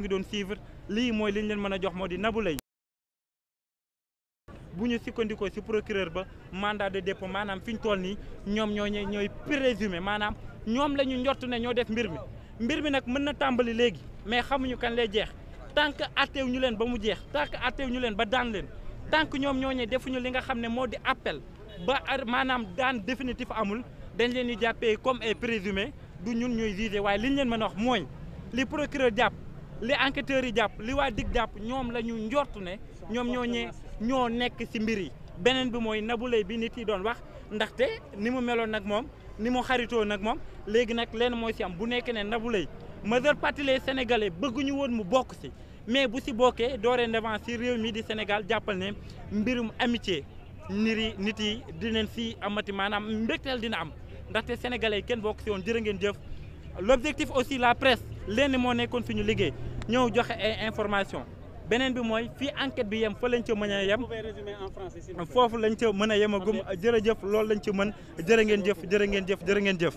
ngi doon suivre lii mooy liñ leen mën a jox moo di Nabou Leye bu ñu sukkandikoo ci procureur ba mandat de dépôt maanaam fi ñu toll nii ñoom ñoo ñooy présumé maanaam ñoom la ñu njort ne ñoo def mbir mi mbir mi nag mën na tàmbali léegi mais xamuñu kan lay jeex tant que ñu leen ba mu jeex tant que ñu leen ba daan leen tant ñoom ñoo ñe defuñu li nga xam ne moo di appel ba maanaam daan définitif amul dañ leen di jàppee comme ay présumé du ñun ñuy jugé waaye liñ leen mën a wax mooy li procureur jàpp li enquêteurs yi jàpp li waa dig jàpp ñoom la ñu njortu ne ñoom ñoo ñee ñoo nekk ci mbir yi beneen bi mooy Nabou Leye bi nit yi doon wax ndaxte ni mu meloon nag moom ni mu xaritoo nag moom léegi nag leen mooy ci am bu nekk ne Nabou Leye majeure partie les sénégalais bëgguñu woon mu bokk ci mais bu ci bokkee doore dorénavant ci réew mi di Sénégal jàppal ne mbirum amitié niri nit yi dinañ ci amati maanaam mbégteel dina am ndaxte sénégalais kenn bokk ci woon jërë ngeen jëf l'objectif aussi la presse lenn moo nekkoon fi liggéey ñëw joxe ay information beneen bi mooy fii enquête bi yem fa lañ ca mën a yem foofu lañu ca mën a yem a gum jërëjëf loolu lañ ci mën jërë ngeen jëf jërë ngeen jëf jërë ngeen jëf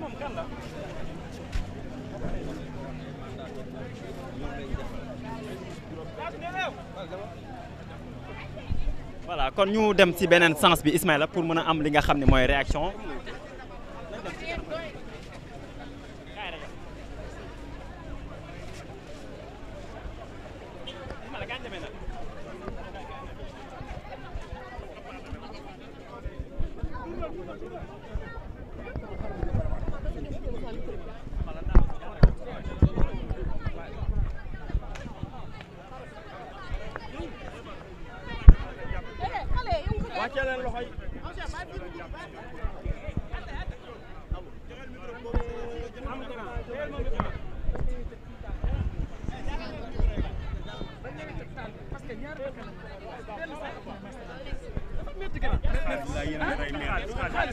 moom voilà kon ñu dem ci beneen sens bi la pour mën a am li nga xam ne mooy réaction. wàccee leen loxo yi xaalis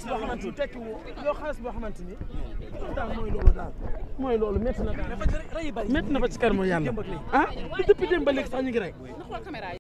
boo xamante ni tekki wu loo xaalis boo xamante ni daal mooy loolu daal mooy loolu métti na métti na ba ci kanamu yàlla ah depuis démb ba léegi sax ñu ngi rey